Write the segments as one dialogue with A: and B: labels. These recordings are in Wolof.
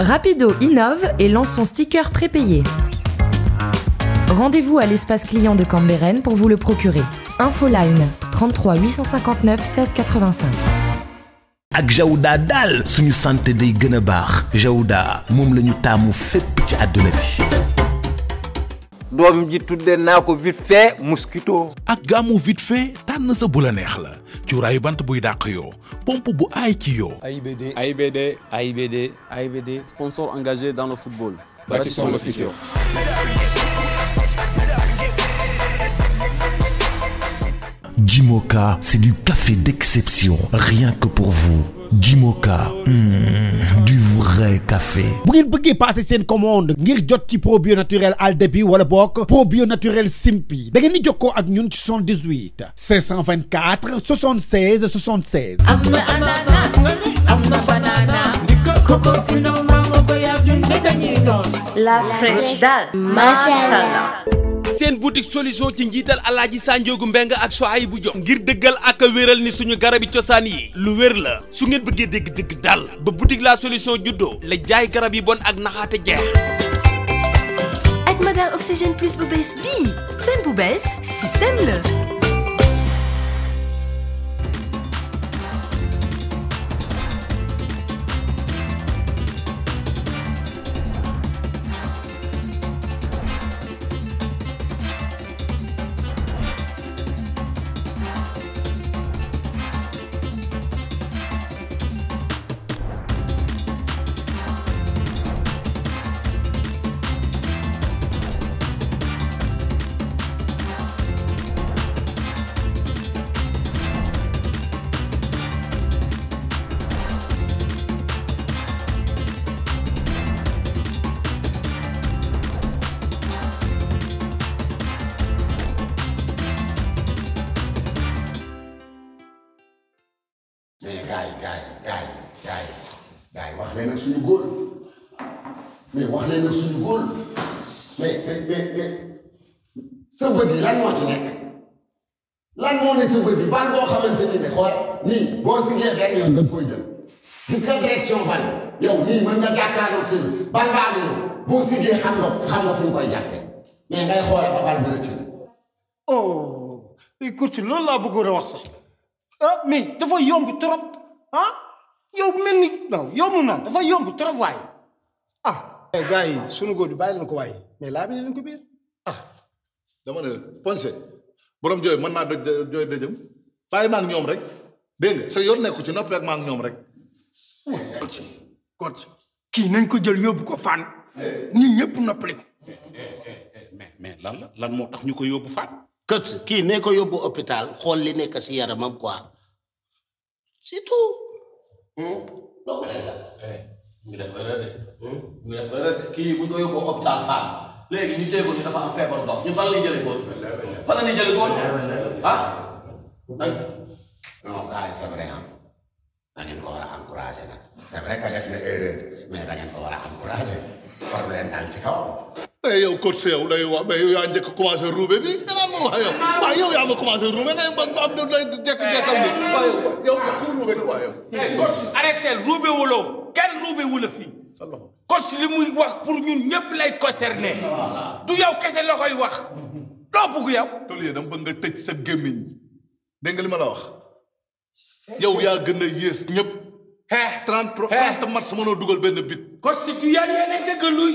A: Rapido innove et lance son sticker prépayé. Rendez-vous à l'espace client de Cambérène pour vous le procurer. Info Line 33 859 1685. 85. ak Jaouda Dal, suñu santé day gëna baax Jaouda mom la tamu fepp ci aduna bi. dom ji tudde na vite fait mosquito. ak gamu vite fait tan sa bu la neex la cuuraayu bant buy pompe bu AIBD AIBD AIBD AIBD sponsor engagé dans le football. Bâtissons le futur. Jimoka, c'est du café d'exception, rien que pour vous. Jimoka. Mmh. Extrait café. bu ngeen bëggee passé commande ngir jot ci probio naturel aldebi wala bok probio naturel simpi da ngeen ni joko ak ñun ci 78 524 76 76. Amna ananas amna banana. coco pino mango ñun de dañuy la fraîche daal. macha allah. seen boutique solution ci njiital alhaji sanjogu mbeng ak soay bu jox ngir deugal ak wéral ni suñu garabi ciosan yi lu wér la su ngeen bëggee dégg dëgg dal ba boutique la solution juddo la jaay garab yi bon ak naxaata jeex ak madame oxygène plus bu bees bi seen bu bees système la mais ak suñu góor mais wax leen ak Mais, mais, mais mais mais sa bët yi lan moo ci nekk lan moo ne sa bët yi bal boo xamante ni ne xool nii boo sigee benn yoon da nga koy jël gis nga direction bal bi yow nii mën nga jàkkaarloog seen bal baa ngi ñëw boo sigee xam nga xam nga fu ñu koy jàppee mais ngay xool ba bal bi rëcc la. oh. kurti loolu laa bëggoon a wax sax ah mais dafa yomb trop ah. yow mel ni non na dafa yomb trop waay ah. mais eh, gars yi sunu góor di bàyyi leen ko waay mais laa bi leen ko biir ah. dama ne ponse borom jooy mën naa doj jooy dëjëm bàyyi ma ak ñoom rek dégg nga sa yoon nekku ci noppi ak ma ñoom rek. coach coach kii nañ ko jël yóbbu ko fan ni ñëpp noppali ko. mais mais lan la lan moo tax ñu ko yóbbu fan. kët kii ne ko yóbbu hôpital xool li nekk si yaramam quoi c'est doo ko def. ñu def de. ñu def erreur de kii bu ñu ko yóbboo hôpital Fann léegi ñu téye ñu dafa am feebaru dof ñu fan la ñuy jëlee góor. fan la ñuy jëlee góor. ah. Hmm? non gars yi ko war a nag. c'est vrai def na erreur mais da ko war a encouragé. leen dal ci kaw. mais yow coach si yow wax mais yow yaa njëkk commencé ruube bi danaa ma wax yow waaw yow yaa ma commencé ruube ngay am na lay jékki-jékkal bi waaw yow ku ruube quoi yow. coach arrêté ruube wuloo wax pour ñun ñëpp lay concerné. du yow kese la koy wax. loo bëgg yow. tol yee dama bëgg nga tëj sa gémmiñ ma la wax. yow a dugal benn bit. coach tu yaa ngi dëgg luy.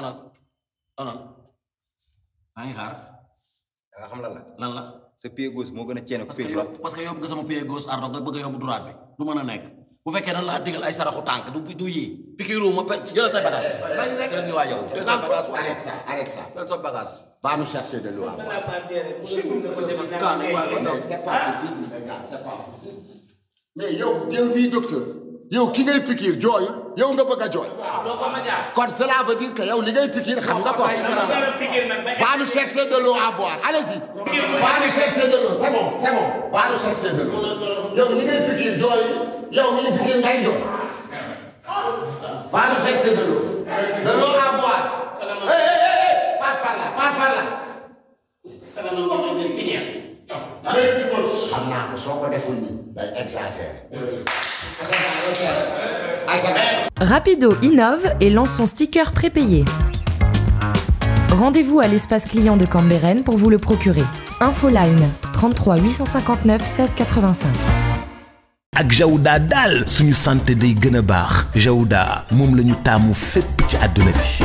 A: onon onon maa ngi la. lan la. sa pied gauche moo gën a ceene ko pied droite parce que yóbbu nga sama pied gauche bëgg a yóbbu droite bi du mën a nekk bu fekkee dañ laa digal ay saraxu tànk du du yii pikiru ma per jëlal sa bagage. jëlal waa yow jëlal sa bagage. arrête ça arrête ça jëlal sa bagage. va nous chercher de yow ki ngay pikiir jooyul yow nga bëgg a jooy. kon cela veut dire que yow li ngay pikiir xam nga ko. va nous chercher de l'eau à boire allez-y. de l'eau c'est bon c'est de l'eau yow li ngay pikiir jooyul yow mi ngi ngay jooy. va nous de l'eau de l'eau à boire. hey hey hey passe par Ben, ah, ah, Rapido innove et lance son sticker prépayé. Rendez-vous à l'espace client de Cambérène pour vous le procurer. Infoline 33 859 16 85. ak Jaouda dal, suñu santé day gëna a baax Jaouda mom lañu ñu taamu ci aduna bi.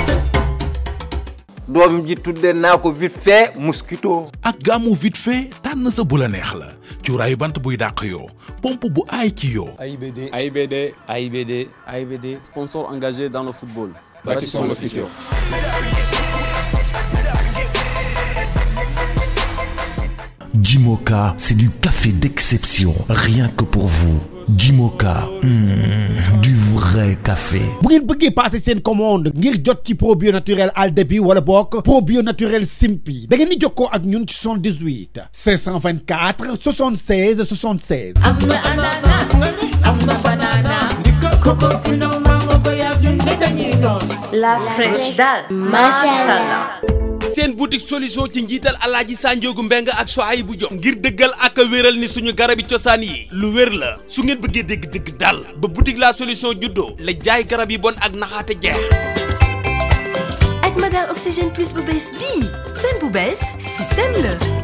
A: Dom ji tudde naa ko vite fait mosquito. ak gaamu vite fait tan sa bu la neex la cuuraayu bant buy dàq pompe bu AIBD AIBD sponsor engagé dans le football. Bâtissons le futur. Jimoka, c'est du café d'exception, rien que pour vous. Jimoka mmh, du vrai café bu ngeen bëggee passé seen commande ngir jot ci probio naturel al aldepi wala bokk probio naturel simpi da ngeen di jokkoo ak ñun ci 78 524 76 76 am ananas am na banana coco pino mango goyave ñun dañuy la fraîche daal macha seen boutique solution ci njiital alhaji sanjogu mbeng ak soay bu jox ngir deugal ak wéral ni suñu garabi ciosan yi lu wér la su ngeen bëggé dégg dëgg dal ba boutique la solution juddo la jaay garab yi bon ak naxata jeex ak madame oxygène plus bu bess bi fen bu bess système la